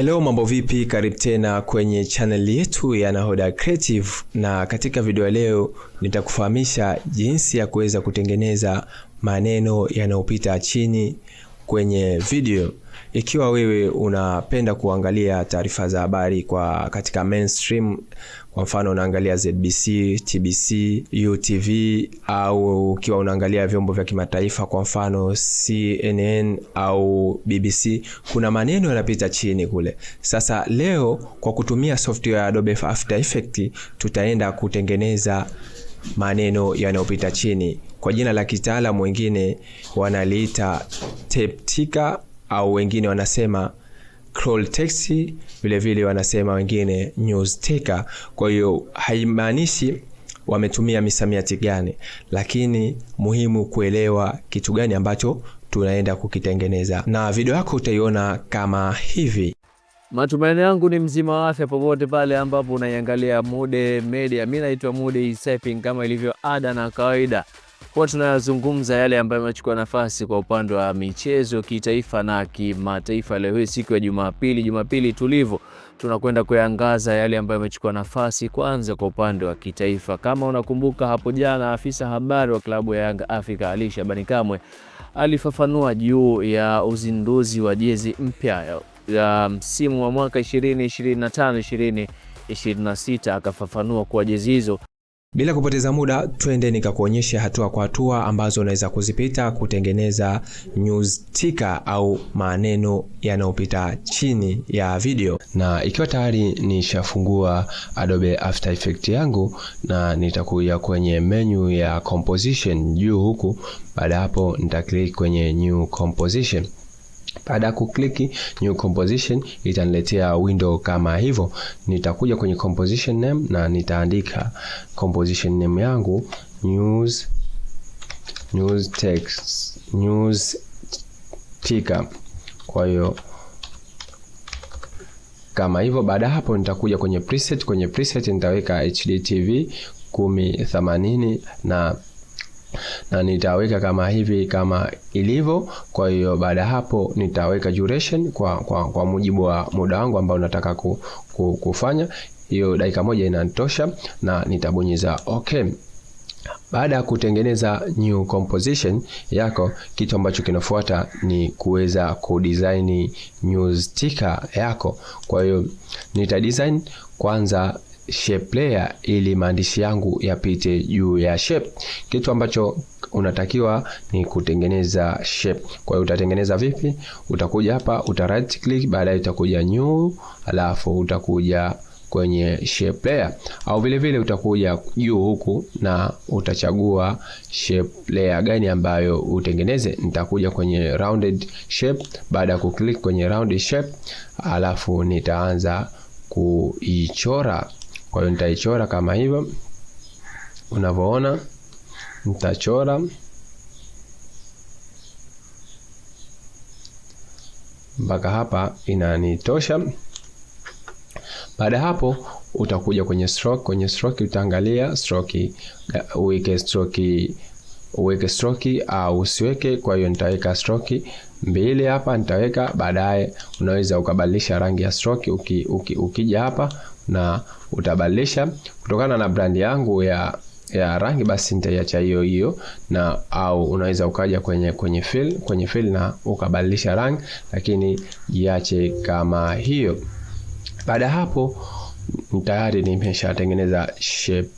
Hello, mambo vipi? Karibu tena kwenye channel yetu ya Nahoda Creative, na katika video ya leo nitakufahamisha jinsi ya kuweza kutengeneza maneno yanayopita chini kwenye video. Ikiwa wewe unapenda kuangalia taarifa za habari kwa katika mainstream, kwa mfano unaangalia ZBC, TBC, UTV au ukiwa unaangalia vyombo vya kimataifa kwa mfano CNN au BBC, kuna maneno yanapita chini kule. Sasa leo kwa kutumia software ya Adobe After Effects tutaenda kutengeneza maneno yanayopita chini, kwa jina la kitaalamu wengine wanaliita Taptica au wengine wanasema crawl text, vile vile wanasema wengine news taker Kwa hiyo haimaanishi wametumia misamiati gani, lakini muhimu kuelewa kitu gani ambacho tunaenda kukitengeneza, na video yako utaiona kama hivi. Matumaini yangu ni mzima wa afya popote pale ambapo unaiangalia Mude Media. Mimi naitwa Mude isaping kama ilivyo ada na kawaida huwa tunazungumza yale ambayo yamechukua nafasi kwa upande wa michezo kitaifa na kimataifa. Leo hii siku ya Jumapili, Jumapili tulivu, tunakwenda kuyangaza yale ambayo yamechukua nafasi kwanza kwa upande wa kitaifa. Kama unakumbuka, hapo jana afisa habari wa klabu ya Yanga Afrika Ali Shabani Kamwe alifafanua juu ya uzinduzi wa jezi mpya ya msimu wa mwaka 2025 2026 akafafanua kuwa jezi hizo bila kupoteza muda, twende nikakuonyesha hatua kwa hatua ambazo unaweza kuzipita kutengeneza news ticker au maneno yanayopita chini ya video. Na ikiwa tayari nishafungua Adobe After Effects yangu, na nitakuja kwenye menu ya composition juu huku. Baada hapo nitaklik kwenye new composition. Baada ya kukliki new composition itaniletea window kama hivyo. Nitakuja kwenye composition name na nitaandika composition name yangu news, news text, news ticker Kwa hiyo kama hivyo. Baada hapo nitakuja kwenye preset. Kwenye preset nitaweka HDTV 1080 na na nitaweka kama hivi kama ilivyo. Kwa hiyo baada ya hapo nitaweka duration kwa, kwa, kwa mujibu wa muda wangu ambao nataka ku, ku, kufanya. Hiyo dakika moja inanitosha na nitabonyeza okay. Baada ya kutengeneza new composition yako, kitu ambacho kinafuata ni kuweza kudesign new sticker yako. Kwa hiyo nitadesign kwanza shape player ili maandishi yangu yapite juu ya shape. Kitu ambacho unatakiwa ni kutengeneza shape. Kwa hiyo utatengeneza vipi? Utakuja hapa, uta right click, baadaye utakuja new, alafu utakuja kwenye shape player au vile vile utakuja juu huku na utachagua shape layer gani ambayo utengeneze. Nitakuja kwenye rounded shape. Baada ya kwenye rounded shape, alafu nitaanza kuichora. Kwa hiyo nitaichora kama hivyo unavyoona, nitachora mpaka hapa inanitosha. Baada hapo utakuja kwenye stroke. Kwenye stroke utaangalia stroke, uweke stroke, uweke stroke au usiweke. Kwa hiyo nitaweka stroke mbili hapa nitaweka. Baadaye unaweza ukabadilisha rangi ya stroke uki, uki, ukija hapa na utabadilisha kutokana na brandi yangu ya ya rangi basi nitaiacha hiyo hiyo, na au unaweza ukaja kwenye kwenye fill kwenye fill na ukabadilisha rangi, lakini iache kama hiyo. Baada ya hapo, tayari nimeshatengeneza shape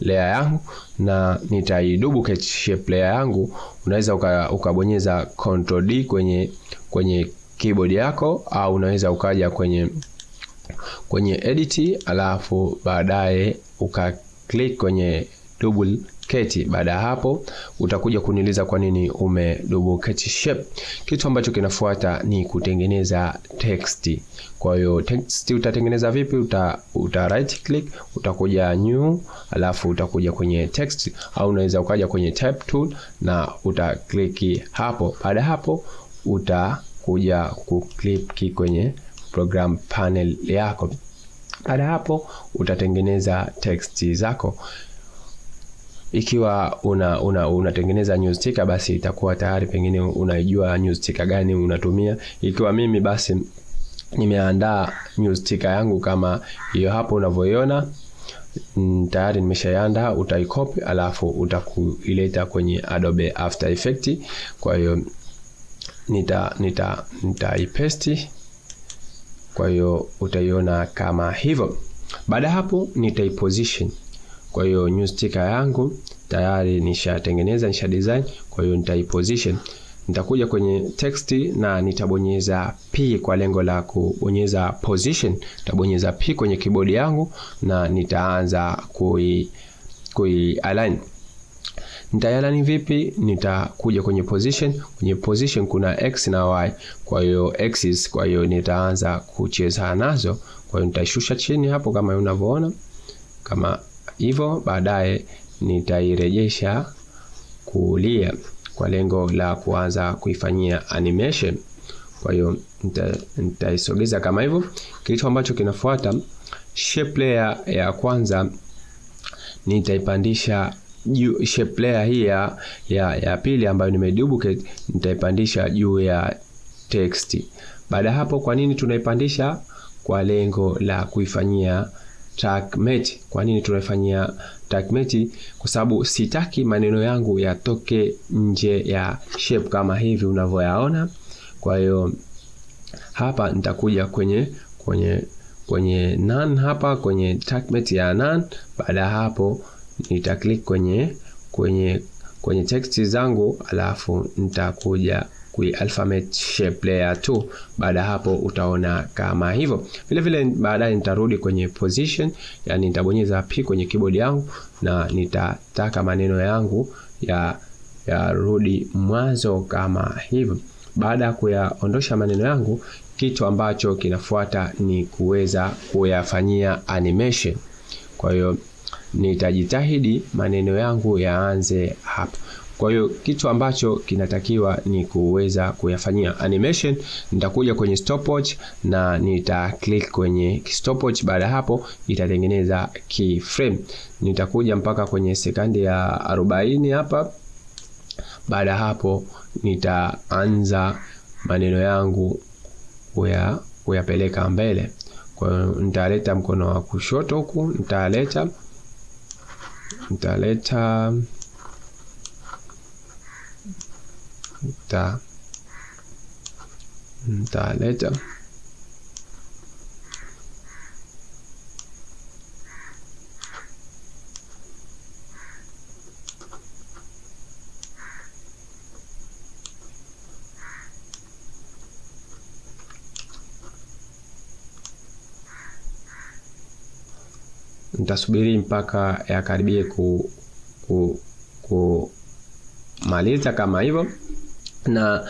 layer yangu na nitaiduplicate shape layer yangu. Unaweza ukabonyeza uka Ctrl D kwenye kwenye keyboard yako, au unaweza ukaja kwenye kwenye edit, alafu baadaye uka click kwenye double keti. Baada ya hapo utakuja kuniuliza kwa nini ume double keti shape. Kitu ambacho kinafuata ni kutengeneza text. Kwa hiyo text utatengeneza vipi? Uta, uta right click, utakuja new, alafu utakuja kwenye text au unaweza ukaja kwenye type tool na uta click hapo. Baada hapo utakuja kuclick kwenye program panel yako. Baada ya hapo utatengeneza text zako. Ikiwa una, una, unatengeneza news ticker, basi itakuwa tayari pengine unajua news ticker gani unatumia. Ikiwa mimi basi nimeandaa news ticker yangu kama hiyo hapo unavyoiona mm, tayari nimeshaiandaa, utaikopi alafu utakuileta kwenye Adobe After Effects. Kwa hiyo nita nita nitaipesti kwa hiyo utaiona kama hivyo. Baada hapo nitai position. Kwa hiyo new sticker yangu tayari nishatengeneza, nisha design. Kwa hiyo nitai position. Nitakuja kwenye text na nitabonyeza P kwa lengo la kubonyeza position. Nitabonyeza P kwenye kibodi yangu na nitaanza kui, kui align ni vipi? Nitakuja kwenye position. Kwenye position kuna x na y, kwa hiyo axis, kwa hiyo nitaanza kucheza nazo. Kwa hiyo nitaishusha chini hapo kama unavyoona, kama hivyo, baadaye nitairejesha kulia kwa lengo la kuanza kuifanyia animation. Kwa hiyo nitaisogeza nita kama hivyo. Kitu ambacho kinafuata shape layer ya kwanza nitaipandisha juu shape layer hii ya, ya, ya pili ambayo nime duplicate nitaipandisha juu ya text. Baada hapo, kwa nini tunaipandisha? Kwa lengo la kuifanyia tag match. Kwa nini tunaifanyia tag match? Kwa sababu sitaki maneno yangu yatoke nje ya shape kama hivi unavyoyaona. Kwa hiyo hapa nitakuja kwenye kwenye kwenye none hapa kwenye tag match ya none. Baada hapo nitaklik kwenye, kwenye, kwenye text zangu alafu nitakuja kui alphabet shape layer 2. Baada hapo utaona kama hivyo. Vile vile baadaye nitarudi kwenye position, yani nitabonyeza p kwenye keyboard yangu na nitataka maneno yangu ya yarudi mwanzo kama hivyo. Baada ya kuyaondosha maneno yangu, kitu ambacho kinafuata ni kuweza kuyafanyia animation. Kwa hiyo nitajitahidi maneno yangu yaanze hapa. Kwa hiyo kitu ambacho kinatakiwa ni kuweza kuyafanyia animation. Nitakuja kwenye stopwatch na nita click kwenye stopwatch. Baada ya hapo, itatengeneza keyframe. Nitakuja mpaka kwenye sekunde ya 40 hapa. Baada ya hapo, nitaanza maneno yangu kuya kuyapeleka mbele. Kwa hiyo nitaleta mkono wa kushoto huku, nitaleta nitaleta nita nitaleta tunasubiri mpaka yakaribie ku, ku, maliza kama hivyo, na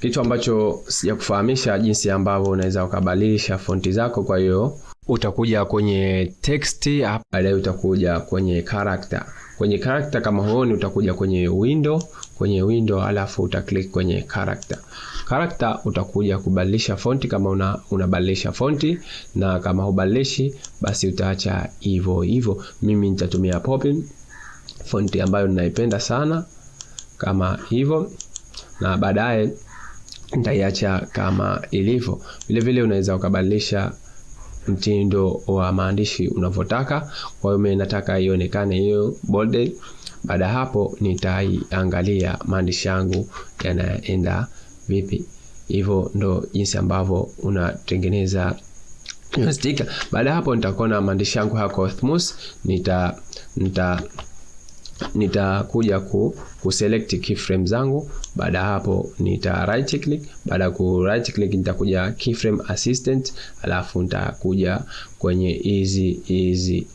kitu ambacho sijakufahamisha jinsi ambavyo unaweza ukabadilisha fonti zako. Kwa hiyo utakuja kwenye text, baadaye utakuja kwenye character. Kwenye character kama huoni, utakuja kwenye window, kwenye window alafu utaklik kwenye character. Character utakuja kubadilisha fonti kama una, unabadilisha fonti na kama hubadilishi basi utaacha hivyo hivyo. Mimi nitatumia Poppin fonti ambayo ninaipenda sana kama hivyo, na baadaye nitaiacha kama ilivyo. Vile vile unaweza ukabadilisha mtindo wa maandishi unavyotaka. Kwa hiyo mimi nataka ionekane hiyo bold. Baada hapo nitaiangalia maandishi yangu yanaenda vipi. Hivyo ndo jinsi ambavyo unatengeneza hiyo stika. Baada hapo nitakuwa na maandishi yangu haya smooth nita nita nitakuja ku, ku select keyframe zangu. Baada hapo nita right click, baada ku right click nitakuja keyframe assistant, alafu nitakuja kwenye easy easy,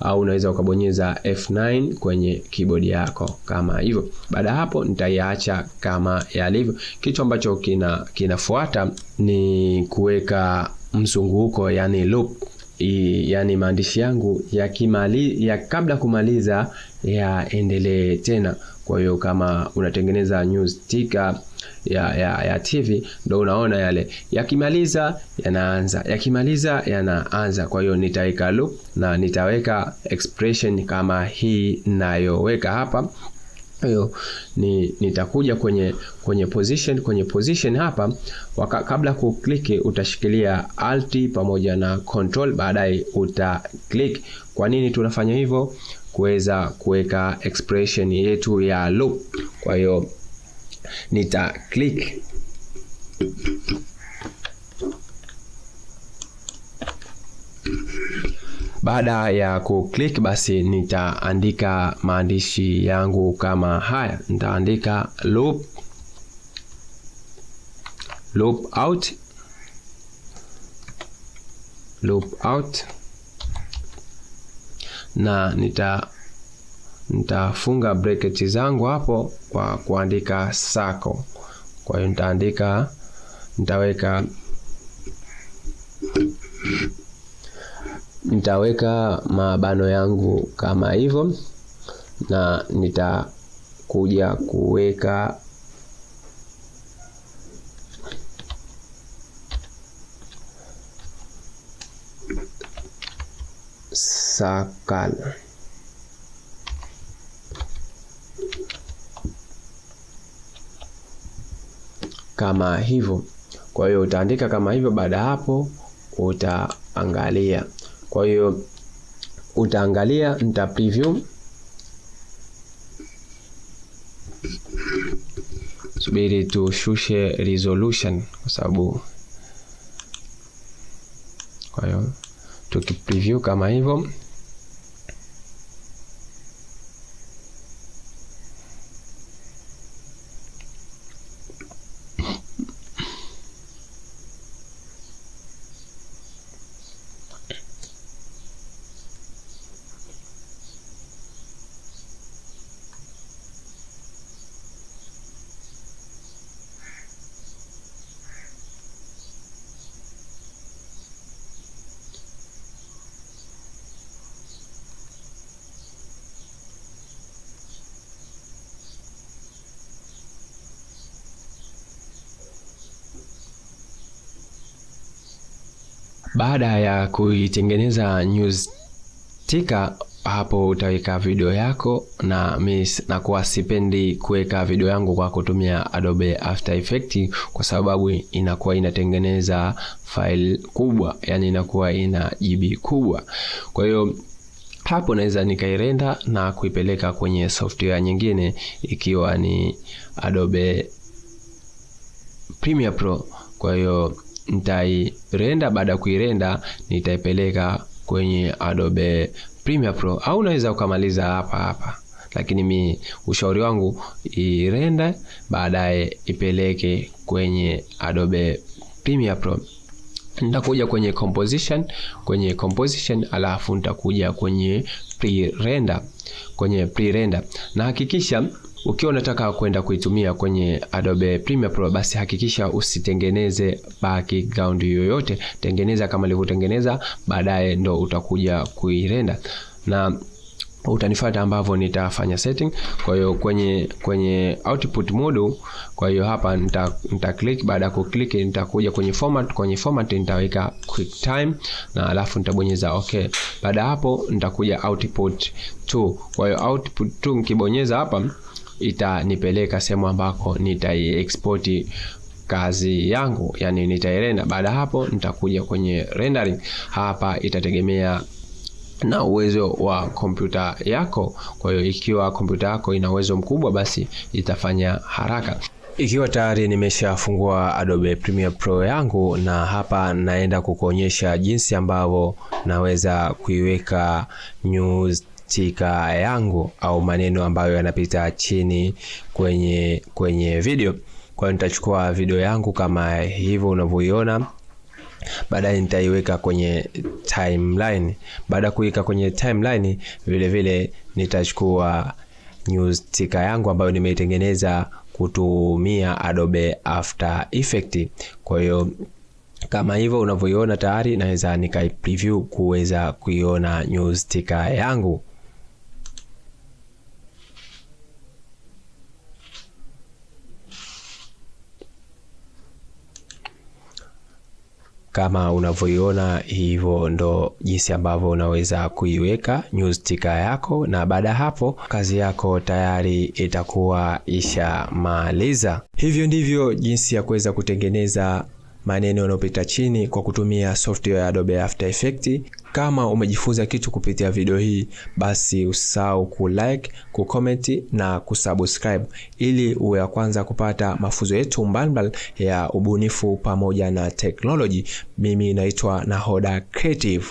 au unaweza ukabonyeza F9 kwenye keyboard yako kama hivyo. Baada hapo nitaiacha kama yalivyo. Kitu ambacho kina kinafuata ni kuweka mzunguko yani loop yani maandishi yangu ya, kimali, ya kabla kumaliza yaendelee tena. Kwa hiyo kama unatengeneza news ticker ya, ya, ya TV ndo unaona yale yakimaliza yanaanza yakimaliza yanaanza. Kwa hiyo nitaweka loop na nitaweka expression kama hii nayoweka hapa hiyo ni nitakuja kwenye kwenye position kwenye position hapa waka, kabla kukliki utashikilia alt pamoja na control, baadaye uta click. Kwa nini tunafanya hivyo? Kuweza kuweka expression yetu ya loop. Kwa hiyo nita click Baada ya kuklik basi nitaandika maandishi yangu kama haya. Nitaandika loop, loop out, loop out na nita nitafunga bracket zangu hapo kwa kuandika circle. Kwa hiyo nitaandika nitaweka nitaweka mabano yangu kama hivyo na nitakuja kuweka sakal kama hivyo. Kwa hiyo utaandika kama hivyo, baada hapo utaangalia kwa hiyo utaangalia, nita preview, subiri tushushe resolution kwa sababu, kwa hiyo tukipreview kama hivyo Baada ya kuitengeneza news ticker, hapo utaweka video yako na miss, na kuwa sipendi kuweka video yangu kwa kutumia Adobe After Effects kwa sababu inakuwa inatengeneza file kubwa, yani inakuwa ina GB kubwa, kwa hiyo hapo naweza nikairenda na kuipeleka kwenye software nyingine ikiwa ni Adobe Premiere Pro. Kwa hiyo nitairenda. Baada ya kuirenda, nitaipeleka kwenye Adobe Premiere Pro, au unaweza ukamaliza hapa hapa, lakini mi ushauri wangu irenda, baadaye ipeleke kwenye Adobe Premiere Pro. Nitakuja kwenye composition, kwenye composition, alafu nitakuja kwenye pre-render, kwenye pre-render na hakikisha ukiwa unataka kwenda kuitumia kwenye Adobe Premiere Pro, basi hakikisha usitengeneze background yoyote, tengeneza kama ilivyotengeneza, baadaye ndo utakuja kuirenda na utanifuata ambavyo nitafanya setting. Kwa hiyo kwenye kwenye output module, kwa hiyo hapa nita, nita click. Baada ya kuklik nitakuja kwenye format. Kwenye format nitaweka quick time na alafu nitabonyeza okay. Baada hapo nitakuja output 2. Kwa hiyo output 2 nikibonyeza hapa itanipeleka sehemu ambako nitaiexporti kazi yangu, yani nitairenda. Baada hapo nitakuja kwenye rendering. Hapa itategemea na uwezo wa kompyuta yako. Kwa hiyo ikiwa kompyuta yako ina uwezo mkubwa, basi itafanya haraka. Ikiwa tayari nimeshafungua Adobe Premiere Pro yangu, na hapa naenda kukuonyesha jinsi ambavyo naweza kuiweka news katika yangu au maneno ambayo yanapita chini kwenye, kwenye video. Kwa hiyo nitachukua video yangu kama hivyo unavyoiona, baadaye nitaiweka kwenye timeline. Baada ya kuweka kwenye timeline, vile vile nitachukua news ticker yangu ambayo nimeitengeneza kutumia Adobe After Effect. Kwa hiyo kama hivyo unavyoiona tayari, naweza nikai preview kuweza kuiona news ticker yangu. Kama unavyoiona hivyo ndo jinsi ambavyo unaweza kuiweka ticker yako, na baada ya hapo kazi yako tayari itakuwa ishamaliza. Hivyo ndivyo jinsi ya kuweza kutengeneza maneno yanayopita chini kwa kutumia software ya Adobe After Effects. Kama umejifunza kitu kupitia video hii, basi usisahau kulike, comment na kusubscribe ili uwe wa kwanza kupata mafunzo yetu mbalimbali ya ubunifu pamoja na teknoloji. Mimi naitwa Nahoda Creative.